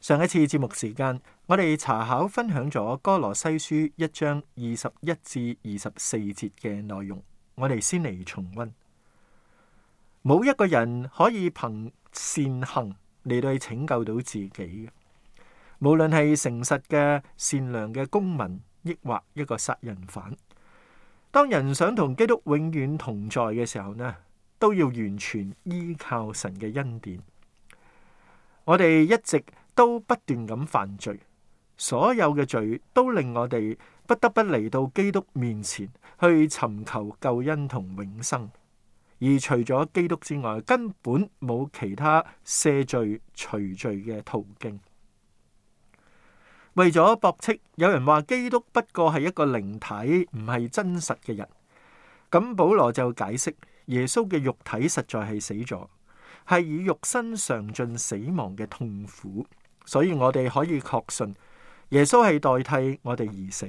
上一次節目時間，我哋查考分享咗《哥羅西書》一章二十一至二十四節嘅內容。我哋先嚟重溫。冇一個人可以憑善行嚟到去拯救到自己嘅，無論係誠實嘅善良嘅公民，抑或一個殺人犯。當人想同基督永遠同在嘅時候呢，都要完全依靠神嘅恩典。我哋一直，都不斷咁犯罪，所有嘅罪都令我哋不得不嚟到基督面前去尋求救恩同永生。而除咗基督之外，根本冇其他赦罪除罪嘅途徑。為咗駁斥，有人話基督不過係一個靈體，唔係真實嘅人。咁保羅就解釋耶穌嘅肉體實在係死咗，係以肉身嘗盡死亡嘅痛苦。所以我哋可以確信，耶穌係代替我哋而死。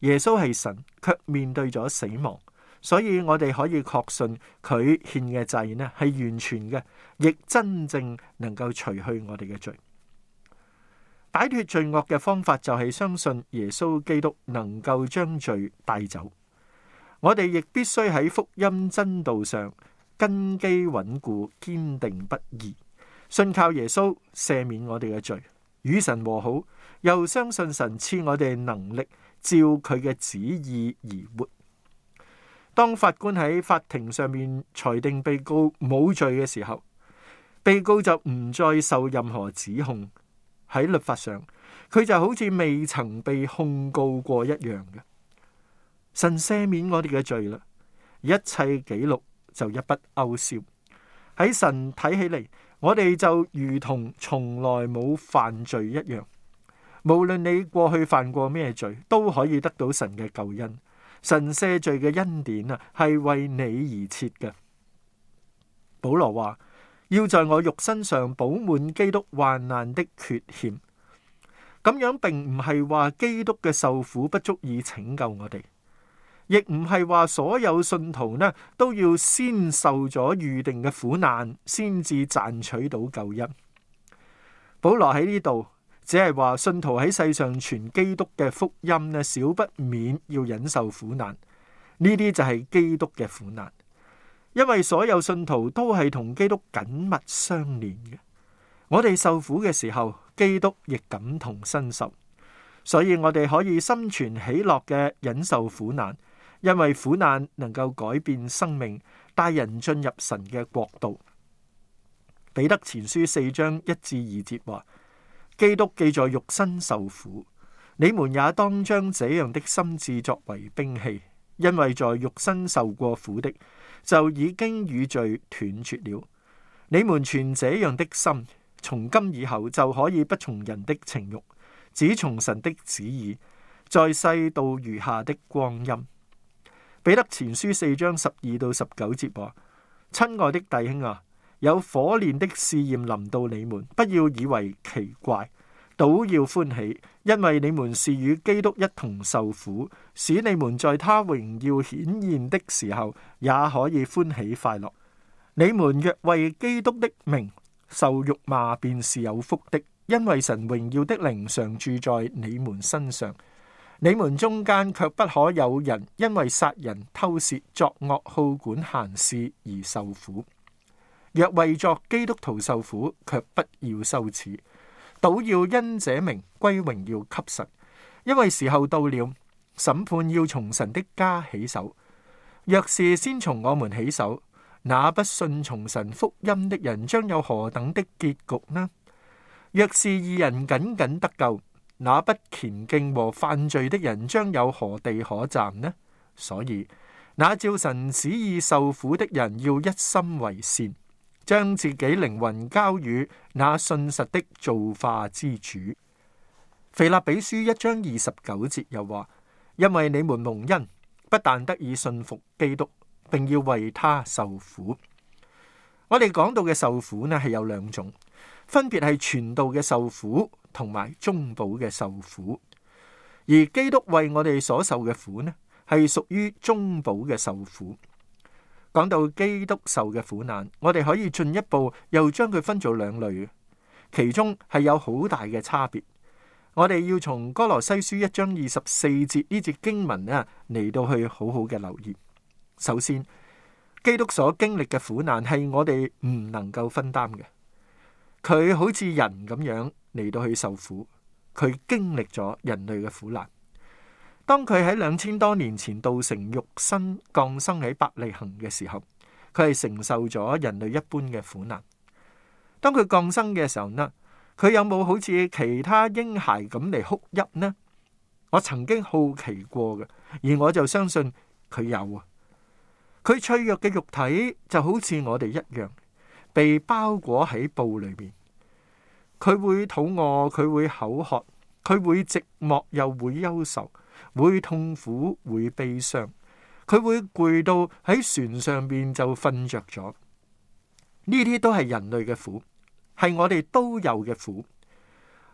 耶穌係神，卻面對咗死亡，所以我哋可以確信佢獻嘅祭呢係完全嘅，亦真正能夠除去我哋嘅罪，擺脫罪惡嘅方法就係相信耶穌基督能夠將罪帶走。我哋亦必須喺福音真道上根基穩固，堅定不移。信靠耶穌赦免我哋嘅罪，與神和好，又相信神賜我哋能力，照佢嘅旨意而活。當法官喺法庭上面裁定被告冇罪嘅時候，被告就唔再受任何指控。喺律法上，佢就好似未曾被控告過一樣嘅。神赦免我哋嘅罪喇，一切記錄就一筆勾銷。喺神睇起嚟，我哋就如同從來冇犯罪一樣，無論你過去犯過咩罪，都可以得到神嘅救恩。神赦罪嘅恩典啊，係為你而設嘅。保羅話要在我肉身上，補滿基督患難的缺欠，咁樣並唔係話基督嘅受苦不足以拯救我哋。亦唔係話所有信徒呢都要先受咗預定嘅苦難，先至賺取到救恩。保羅喺呢度只係話，信徒喺世上傳基督嘅福音呢，少不免要忍受苦難。呢啲就係基督嘅苦難，因為所有信徒都係同基督緊密相連嘅。我哋受苦嘅時候，基督亦感同身受，所以我哋可以心存喜樂嘅忍受苦難。因為苦難能夠改變生命，帶人進入神嘅國度。彼得前書四章一至二節話：基督既在肉身受苦，你們也當將這樣的心志作為兵器，因為在肉身受過苦的就已經與罪斷絕了。你們存這樣的心，從今以後就可以不從人的情慾，只從神的旨意，在世度餘下的光陰。彼得前書四章十二到十九節話：親愛的弟兄啊，有火煉的試驗臨到你們，不要以為奇怪，倒要歡喜，因為你們是與基督一同受苦，使你們在他榮耀顯現的時候，也可以歡喜快樂。你們若為基督的名受辱罵，便是有福的，因為神榮耀的靈常住在你們身上。你們中間卻不可有人因為殺人、偷竊、作惡、好管閒事而受苦。若為作基督徒受苦，卻不要羞恥，倒要因這名歸榮耀給神。因為時候到了，審判要從神的家起手。若是先從我們起手，那不信從神福音的人將有何等的結局呢？若是二人僅僅得救，那不虔敬和犯罪的人將有何地可站呢？所以那照神旨意受苦的人要一心為善，將自己靈魂交予那信實的造化之主。腓立比書一章二十九節又話：因為你們蒙恩，不但得以信服基督，並要為他受苦。我哋講到嘅受苦呢係有兩種，分別係傳道嘅受苦。同埋中保嘅受苦，而基督為我哋所受嘅苦呢，係屬於中保嘅受苦。講到基督受嘅苦難，我哋可以進一步又將佢分做兩類，其中係有好大嘅差別。我哋要從歌羅西書一章二十四節呢節經文呢，嚟到去好好嘅留意。首先，基督所經歷嘅苦難係我哋唔能夠分擔嘅，佢好似人咁樣，嚟到去受苦，佢經歷咗人類嘅苦難。當佢喺兩千多年前道成肉身降生喺伯利恒嘅時候，佢係承受咗人類一般嘅苦難。當佢降生嘅時候呢，佢有冇好似其他嬰孩咁嚟哭泣呢？我曾經好奇過嘅，而我就相信佢有啊。佢脆弱嘅肉體就好似我哋一樣，被包裹喺布裏面。佢會肚餓，佢會口渴，佢會寂寞又會憂愁，會痛苦會悲傷，佢會攰到喺船上邊就瞓着咗。呢啲都係人類嘅苦，係我哋都有嘅苦。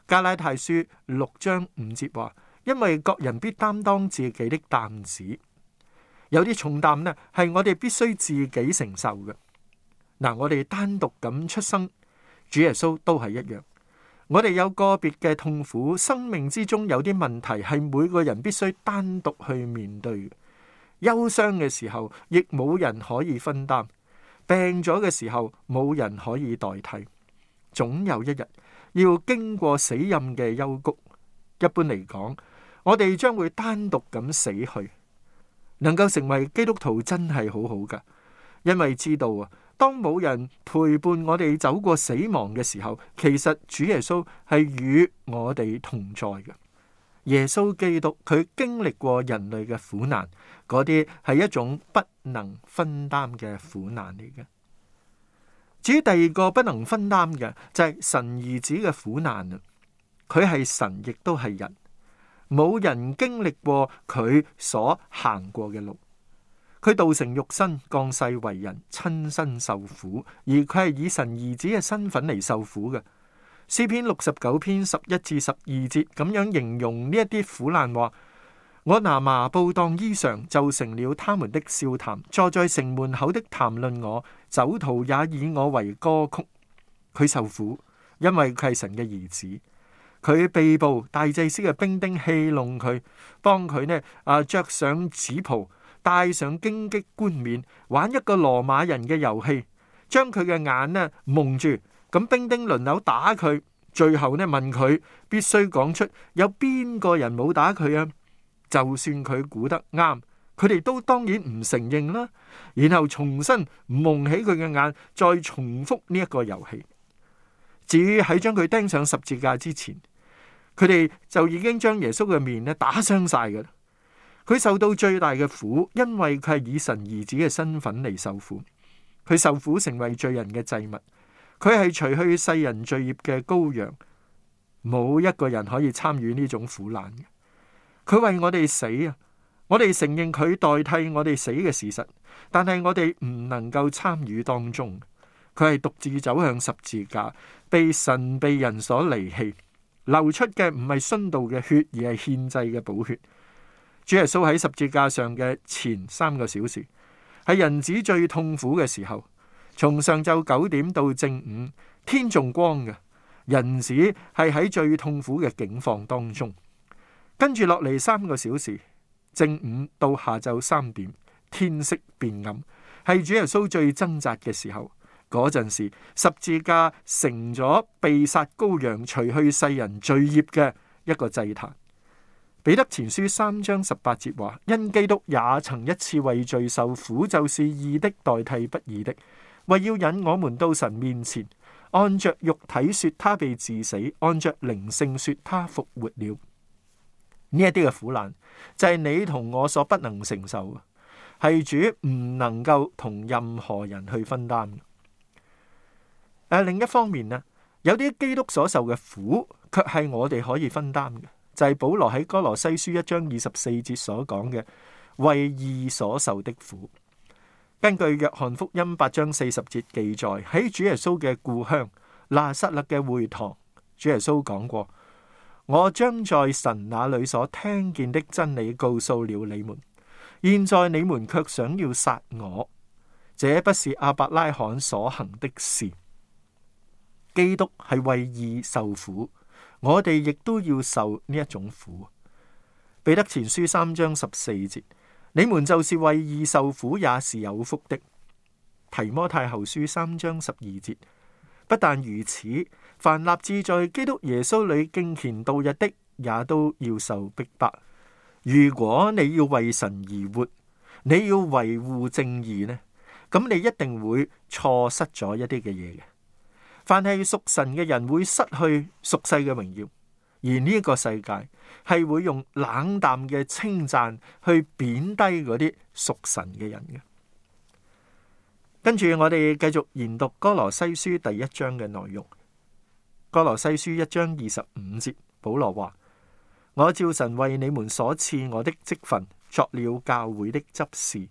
加拉太書六章五節話，因為各人必擔當自己的擔子。有啲重擔呢，係我哋必須自己承受嘅。嗱，我哋單獨咁出生，主耶穌都係一樣。我哋有個別嘅痛苦，生命之中有啲問題係每個人必須單獨去面對。憂傷嘅時候，亦冇人可以分擔；病咗嘅時候，冇人可以代替。總有一日要經過死蔭嘅幽谷。一般嚟講，我哋將會單獨咁死去。能夠成為基督徒真係好好噶，因為知道啊。當冇人陪伴我哋走過死亡嘅時候，其實主耶穌係與我哋同在嘅。耶穌基督佢經歷過人類嘅苦難，嗰啲係一種不能分擔嘅苦難嚟嘅。至於第二個不能分擔嘅，就係神兒子嘅苦難。佢係神，亦都係人，冇人經歷過佢所行過嘅路。佢道成肉身降世為人，親身受苦，而佢係以神兒子嘅身份嚟受苦嘅。詩篇六十九篇十一至十二節咁樣形容呢一啲苦難：話我拿麻布當衣裳，就成了他們的笑談；坐在城門口的談論我，酒徒也以我為歌曲。佢受苦，因為佢係神嘅兒子。佢被捕，大祭司嘅兵丁戲弄佢，幫佢呢啊着上紫袍。戴上荊棘冠冕，玩一個羅馬人嘅遊戲，將佢嘅眼呢蒙住，咁兵丁輪流打佢，最後呢問佢必須講出有邊個人冇打佢啊？就算佢估得啱，佢哋都當然唔承認啦。然後重新蒙起佢嘅眼，再重複呢一個遊戲。至於喺將佢釘上十字架之前，佢哋就已經將耶穌嘅面呢打傷晒嘅。佢受到最大嘅苦，因為佢係以神兒子嘅身份嚟受苦。佢受苦成為罪人嘅祭物，佢係除去世人罪孽嘅羔羊。冇一個人可以參與呢種苦難。佢為我哋死啊！我哋承認佢代替我哋死嘅事實，但係我哋唔能夠參與當中。佢係獨自走向十字架，被神被人所離棄，流出嘅唔係殉道嘅血，而係獻祭嘅寶血。主耶穌喺十字架上嘅前三個小時，係人子最痛苦嘅時候。從上晝九點到正午，天仲光嘅，人子係喺最痛苦嘅境況當中。跟住落嚟，三個小時，正午到下晝三點，天色變暗，係主耶穌最掙扎嘅時候。嗰陣時，十字架成咗被殺羔羊除去世人罪孽嘅一個祭壇。彼得前書三章十八節話：因基督也曾一次為罪受苦，就是義的代替不義的，為要引我們到神面前。按着肉體說，他被治死；按着靈性說，他復活了。呢一啲嘅苦難就係、是、你同我所不能承受嘅，係主唔能夠同任何人去分擔嘅。誒、呃，另一方面咧，有啲基督所受嘅苦，卻係我哋可以分擔嘅。就係保羅喺哥羅西書一章二十四節所講嘅為義所受的苦。根據約翰福音八章四十節記載，喺主耶穌嘅故鄉拿撒勒嘅會堂，主耶穌講過：我將在神那裡所聽見的真理告訴了你們，現在你們卻想要殺我，這不是阿伯拉罕所行的事。基督係為義受苦。我哋亦都要受呢一種苦。彼得前書三章十四節，你們就是為義受苦，也是有福的。提摩太後書三章十二節，不但如此，凡立志在基督耶穌裏敬虔度日的，也都要受逼迫。如果你要為神而活，你要維護正義呢，咁你一定會錯失咗一啲嘅嘢嘅。凡係屬神嘅人會失去屬世嘅榮耀，而呢一個世界係會用冷淡嘅稱讚去貶低嗰啲屬神嘅人嘅。跟住我哋繼續研讀《歌羅西書》第一章嘅內容，《歌羅西書》一章二十五節，保羅話：我照神為你們所賜我的職份，作了教會的執事，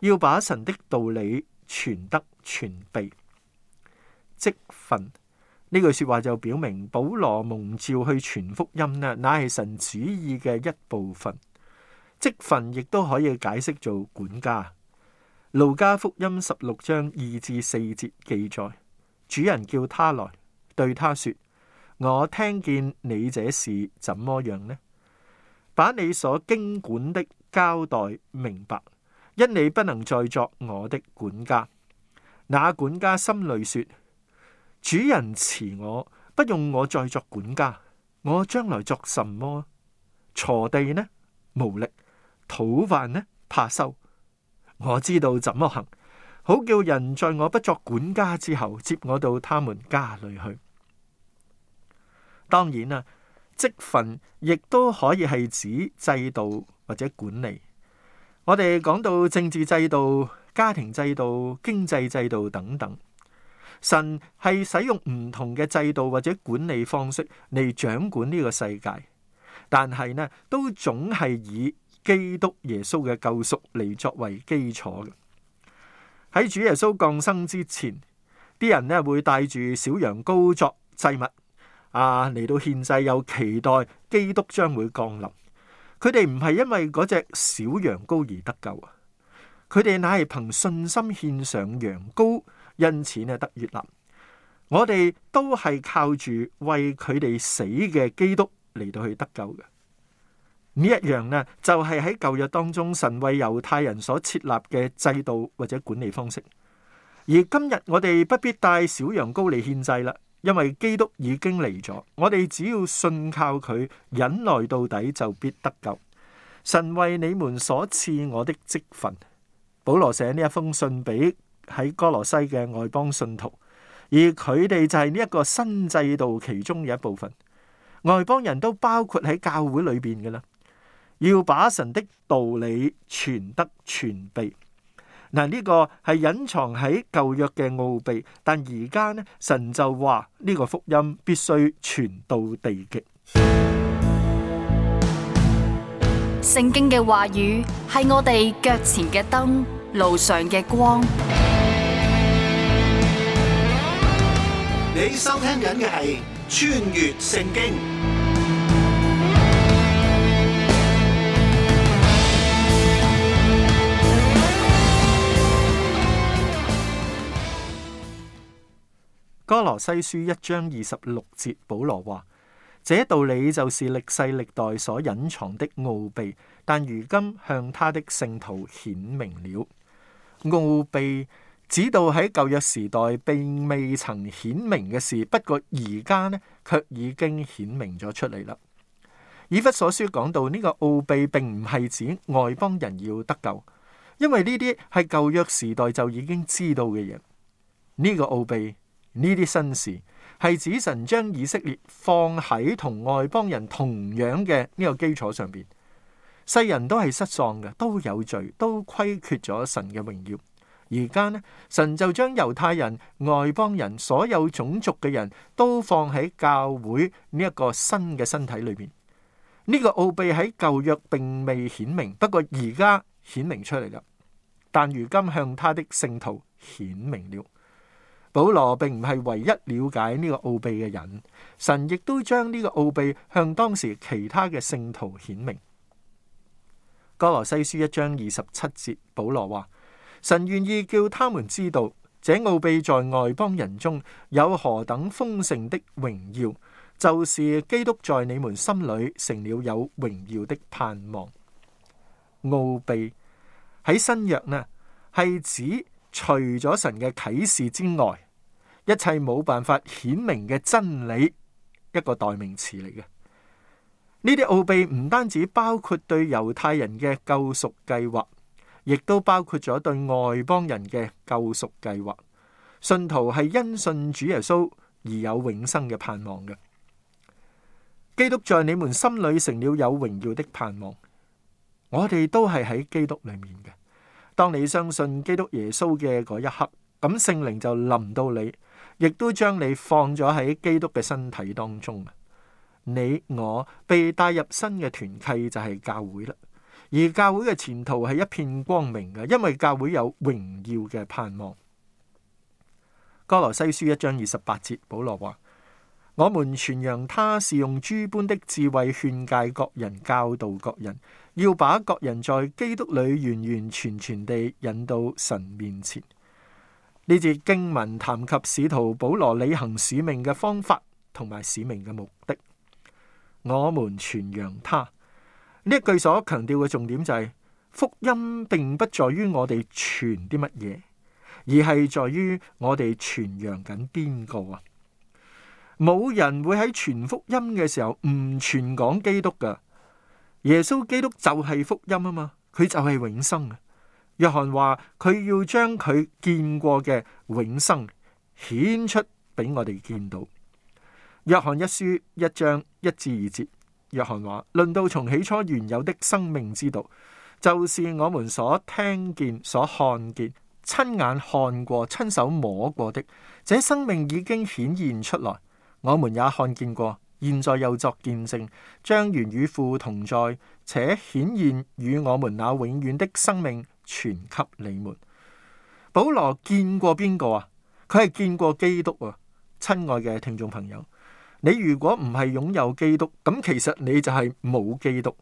要把神的道理傳得全備。」職分，呢句說話就表明，保羅蒙召去傳福音呢，乃係神旨意嘅一部分。職分亦都可以解釋做管家。路加福音十六章二至四節記載，主人叫他來對他說：我聽見你這事怎麼樣呢？把你所經管的交代明白，因你不能再作我的管家。那管家心裏說。主人辭我，不用我再作管家，我將來作什麼？鋤地呢，無力；討飯呢，怕羞。我知道怎麼行，好叫人在我不作管家之後，接我到他們家裏去。當然啦，職分亦都可以係指制度或者管理。我哋講到政治制度、家庭制度、經濟制度等等。神係使用唔同嘅制度或者管理方式嚟掌管呢個世界，但係呢都總係以基督耶穌嘅救贖嚟作為基礎嘅。喺主耶穌降生之前，啲人呢會帶住小羊羔作祭物啊，嚟到獻祭又期待基督將會降臨。佢哋唔係因為嗰隻小羊羔而得救啊，佢哋乃係憑信心獻上羊羔。因此呢得越南。我哋都係靠住為佢哋死嘅基督嚟到去得救嘅。呢一樣呢，就係、是、喺舊約當中神為猶太人所設立嘅制度或者管理方式。而今日我哋不必帶小羊羔嚟獻祭啦，因為基督已經嚟咗。我哋只要信靠佢，忍耐到底就必得救。神為你們所賜我的職份，保羅寫呢一封信俾喺哥羅西嘅外邦信徒，而佢哋就係呢一個新制度其中嘅一部分。外邦人都包括喺教會裏邊嘅啦，要把神的道理傳得全備。嗱，呢個係隱藏喺舊約嘅奧秘，但而家呢，神就話呢個福音必須傳到地極。聖經嘅話語係我哋腳前嘅燈，路上嘅光。你收聽緊嘅係《穿越聖經》。歌羅西書一章二十六節，保羅話：這道理就是歷世歷代所隱藏的奧秘，但如今向他的聖徒顯明了。奧秘。指到喺舊約時代並未曾顯明嘅事，不過而家呢，卻已經顯明咗出嚟啦。以弗所書講到呢個奧秘，並唔係指外邦人要得救，因為呢啲係舊約時代就已經知道嘅嘢。呢個奧秘，呢啲新事，係指神將以色列放喺同外邦人同樣嘅呢個基礎上邊，世人都係失喪嘅，都有罪，都虧缺咗神嘅榮耀。而家呢，神就將猶太人、外邦人、所有種族嘅人都放喺教會呢一個新嘅身體裏面。呢個奧秘喺舊約並未顯明，不過而家顯明出嚟噶。但如今向他的聖徒顯明了。保羅並唔係唯一了解呢個奧秘嘅人，神亦都將呢個奧秘向當時其他嘅聖徒顯明。歌羅西書一章二十七節，保羅話。神願意叫他們知道，這奧秘在外邦人中有何等豐盛的榮耀，就是基督在你們心裡成了有榮耀的盼望。奧秘喺新約呢，係指除咗神嘅啟示之外，一切冇辦法顯明嘅真理，一個代名詞嚟嘅。呢啲奧秘唔單止包括對猶太人嘅救贖計劃。亦都包括咗對外邦人嘅救贖計劃。信徒係因信主耶穌而有永生嘅盼望嘅。基督在你們心裏成了有榮耀的盼望。我哋都係喺基督裏面嘅。當你相信基督耶穌嘅嗰一刻，咁聖靈就臨到你，亦都將你放咗喺基督嘅身體當中啊！你我被帶入新嘅團契，就係教會啦。而教會嘅前途係一片光明嘅，因為教會有榮耀嘅盼望。哥羅西書一章二十八節，保羅話：我們傳揚他是用諸般的智慧勸戒各人、教導各人，要把各人在基督裡完完全全地引到神面前。呢節經文談及使徒保羅履行使命嘅方法同埋使命嘅目的。我們傳揚他。呢一句所強調嘅重點就係，福音並不在於我哋傳啲乜嘢，而係在於我哋傳揚緊邊個啊！冇人會喺傳福音嘅時候唔傳講基督㗎。耶穌基督就係福音啊嘛，佢就係永生啊！約翰話佢要將佢見過嘅永生顯出俾我哋見到。約翰一書一章一至二節。約翰話：論到從起初原有的生命之道，就是我們所聽見、所看見、親眼看過、親手摸過的，這生命已經顯現出來。我們也看見過，現在又作見證，將原與父同在，且顯現與我們那永遠的生命，傳給你們。保羅見過邊個啊？佢係見過基督啊！親愛嘅聽眾朋友。你如果唔係擁有基督，咁其實你就係冇基督。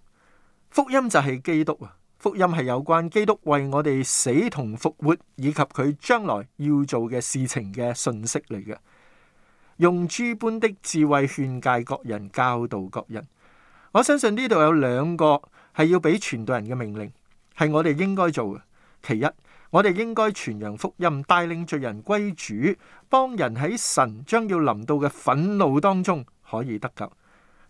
福音就係基督啊，福音係有關基督為我哋死同復活，以及佢將來要做嘅事情嘅信息嚟嘅。用諸般的智慧勸誡各人，教導各人。我相信呢度有兩個係要俾全隊人嘅命令，係我哋應該做嘅。其一。我哋應該傳揚福音，帶領罪人歸主，幫人喺神將要臨到嘅憤怒當中可以得救。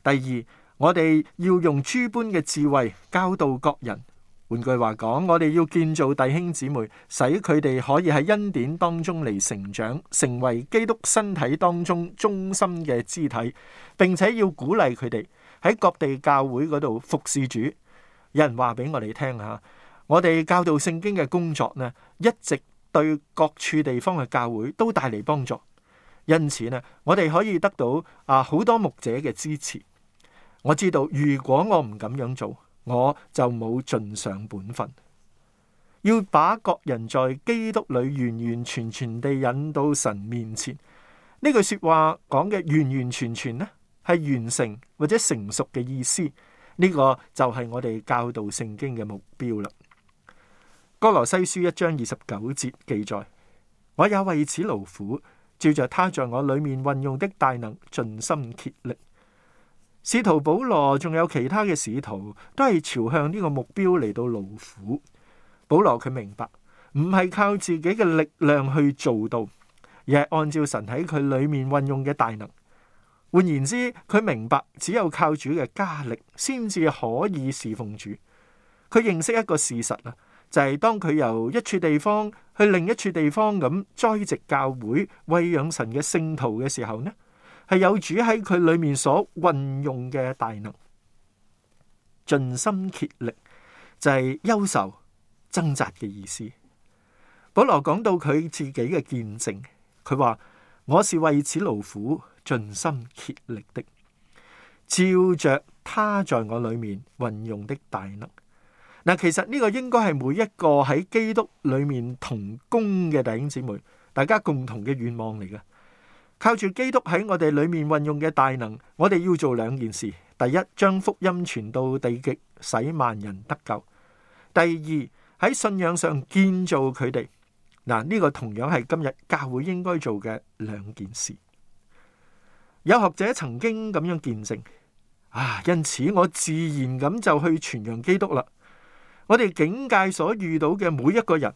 第二，我哋要用諸般嘅智慧教導各人。換句話講，我哋要建造弟兄姊妹，使佢哋可以喺恩典當中嚟成長，成為基督身體當中中心嘅肢體，並且要鼓勵佢哋喺各地教會嗰度服侍主。有人話俾我哋聽吓！我哋教導聖經嘅工作呢，一直對各處地方嘅教會都帶嚟幫助，因此呢，我哋可以得到啊好多牧者嘅支持。我知道如果我唔咁樣做，我就冇盡上本分，要把各人在基督裏完完全全地引到神面前。呢句話說話講嘅完完全全呢，係完成或者成熟嘅意思。呢、呢個就係我哋教導聖經嘅目標啦。歌羅西書一章二十九節記載，我也為此勞苦，照着他在我裏面運用的大能，盡心竭力。使徒保羅仲有其他嘅使徒，都係朝向呢個目標嚟到勞苦。保羅佢明白，唔係靠自己嘅力量，去做到，而係按照神喺佢裏面運用嘅大能。換言之，佢明白只有靠主嘅加力，先至可以侍奉主。佢認識一個事實啊。就係當佢由一處地方去另一處地方咁栽植教會、喂養神嘅聖徒嘅時候呢，係有主喺佢裏面所運用嘅大能，盡心竭力就係憂愁、掙扎嘅意思。保羅講到佢自己嘅見證，佢話：我是為此勞苦、盡心竭力的，照着他在我裏面運用的大能。嗱，其實呢個應該係每一個喺基督裏面同工嘅弟兄姊妹，大家共同嘅願望嚟嘅。靠住基督喺我哋裏面運用嘅大能，我哋要做兩件事：第一，將福音傳到地極，使萬人得救；第二，喺信仰上建造佢哋。嗱，呢個同樣係今日教會應該做嘅兩件事。有學者曾經咁樣見證：啊，因此我自然咁就去傳揚基督啦。我哋警戒所遇到嘅每一個人，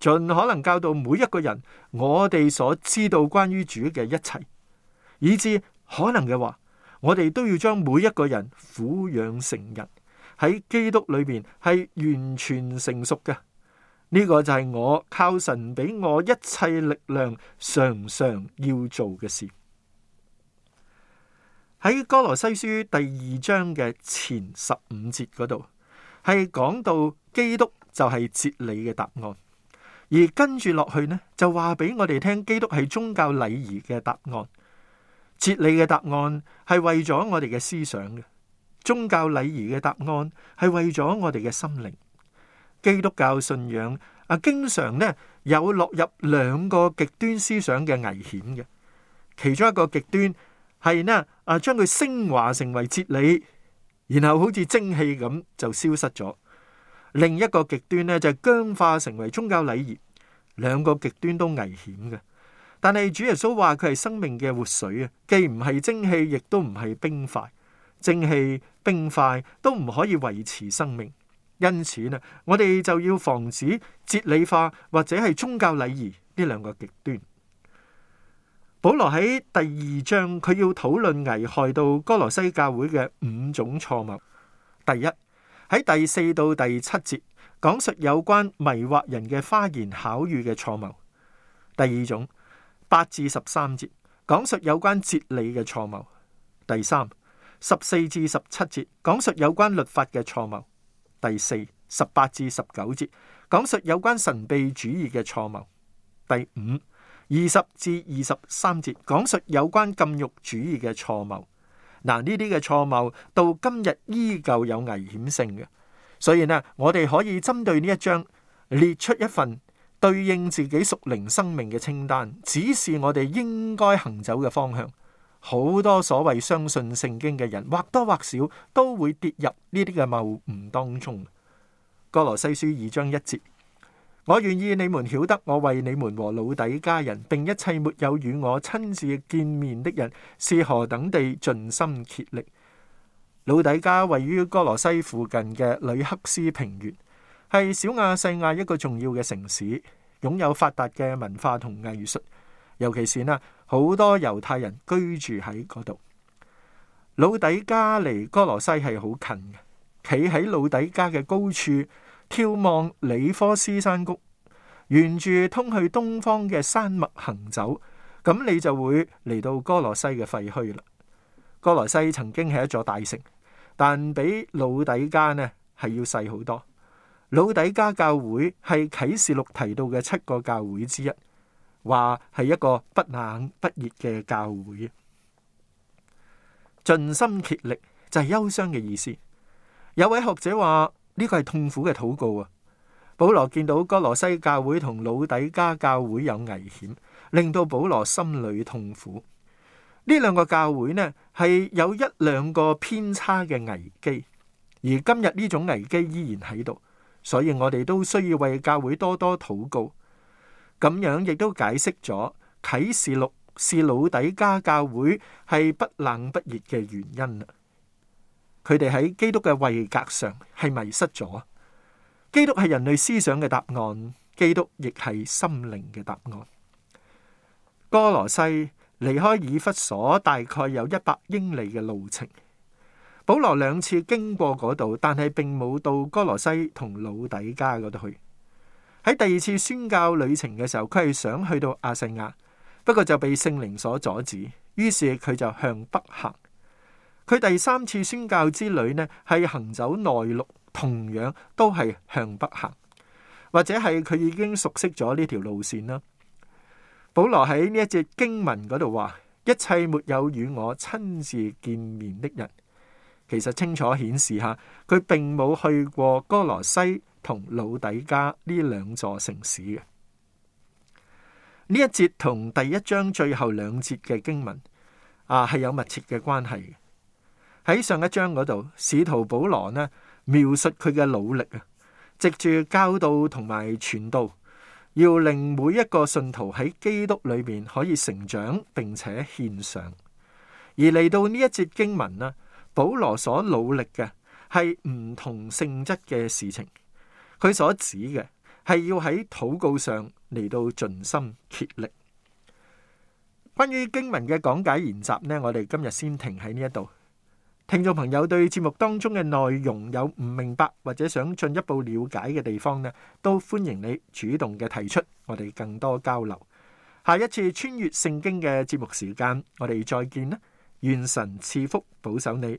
盡可能教導每一個人我哋所知道關於主嘅一切，以致可能嘅話，我哋都要將每一個人撫養成人，喺基督裏邊係完全成熟嘅。呢個就係我靠神俾我一切力量常常要做嘅事。喺哥羅西書第二章嘅前十五節嗰度，係講到基督就係哲理嘅答案，而跟住落去呢，就話俾我哋聽基督係宗教禮儀嘅答案。哲理嘅答案係為咗我哋嘅思想嘅，宗教禮儀嘅答案係為咗我哋嘅心靈。基督教信仰啊，經常呢有落入兩個極端思想嘅危險嘅，其中一個極端係呢啊，將佢升華成為哲理。然後好似蒸汽咁就消失咗。另一個極端呢，就係僵化成為宗教禮儀，兩個極端都危險嘅。但係主耶穌話佢係生命嘅活水啊，既唔係蒸汽，亦都唔係冰塊。蒸汽、冰塊都唔可以維持生命，因此呢，我哋就要防止哲理化或者係宗教禮儀呢兩個極端。保羅喺第二章，佢要討論危害到歌羅西教會嘅五種錯謬。第一，喺第四到第七節，講述有關迷惑人嘅花言巧語嘅錯謬。第二種，八至十三節，講述有關哲理嘅錯謬。第三，十四至十七節，講述有關律法嘅錯謬。第四，十八至十九節，講述有關神秘主義嘅錯謬。第五。二十至二十三節講述有關禁欲主義嘅錯謬，嗱，呢啲嘅錯謬到今日依舊有危險性嘅，所以呢我哋可以針對呢一章列出一份對應自己屬靈生命嘅清單，指示我哋應該行走嘅方向。好多所謂相信聖經嘅人，或多或少都會跌入呢啲嘅謬誤當中。歌羅西書二章一節。我願意你們曉得，我為你們和老底家人，並一切沒有與我親自見面的人，是何等地盡心竭力。老底家位於哥羅西附近嘅呂克斯平原，係小亞細亞一個重要嘅城市，擁有發達嘅文化同藝術，尤其是呢，好多猶太人居住喺嗰度。老底家離哥羅西係好近嘅，企喺老底家嘅高處。眺望里科斯山谷，沿住通去東方嘅山脈行走，咁你就會嚟到歌羅西嘅廢墟啦。歌羅西曾經係一座大城，但比老底嘉呢係要細好多。老底嘉教會係啟示錄提到嘅七個教會之一，話係一個不冷不熱嘅教會。盡心竭力就係、是、憂傷嘅意思。有位學者話。呢個係痛苦嘅禱告啊！保羅見到哥羅西教會同老底加教會有危險，令到保羅心裏痛苦。呢兩個教會呢係有一兩個偏差嘅危機，而今日呢種危機依然喺度，所以我哋都需要為教會多多禱告。咁樣亦都解釋咗啟示錄是老底加教會係不冷不熱嘅原因。佢哋喺基督嘅位格上係迷失咗。基督係人類思想嘅答案，基督亦係心靈嘅答案。哥羅西離開以弗所大概有一百英里嘅路程。保羅兩次經過嗰度，但係並冇到哥羅西同老底嘉嗰度去。喺第二次宣教旅程嘅時候，佢係想去到亞細亞，不過就被聖靈所阻止，於是佢就向北行。佢第三次宣教之旅呢，係行走內陸，同樣都係向北行，或者係佢已經熟悉咗呢條路線啦。保羅喺呢一節經文嗰度話，一切沒有與我親自見面的人，其實清楚顯示下，佢並冇去過哥羅西同老底加呢兩座城市嘅。呢一節同第一章最後兩節嘅經文啊，係有密切嘅關係嘅。喺上一章嗰度，使徒保羅呢描述佢嘅努力啊，藉住教導同埋傳道，要令每一個信徒喺基督裏面可以成長，並且獻上。而嚟到呢一節經文呢，保羅所努力嘅係唔同性質嘅事情。佢所指嘅係要喺禱告上嚟到盡心竭力。關於經文嘅講解研習呢，我哋今日先停喺呢一度。聽眾朋友對節目當中嘅內容有唔明白或者想進一步了解嘅地方呢，都歡迎你主動嘅提出，我哋更多交流。下一次穿越聖經嘅節目時間，我哋再見啦！願神賜福保守你。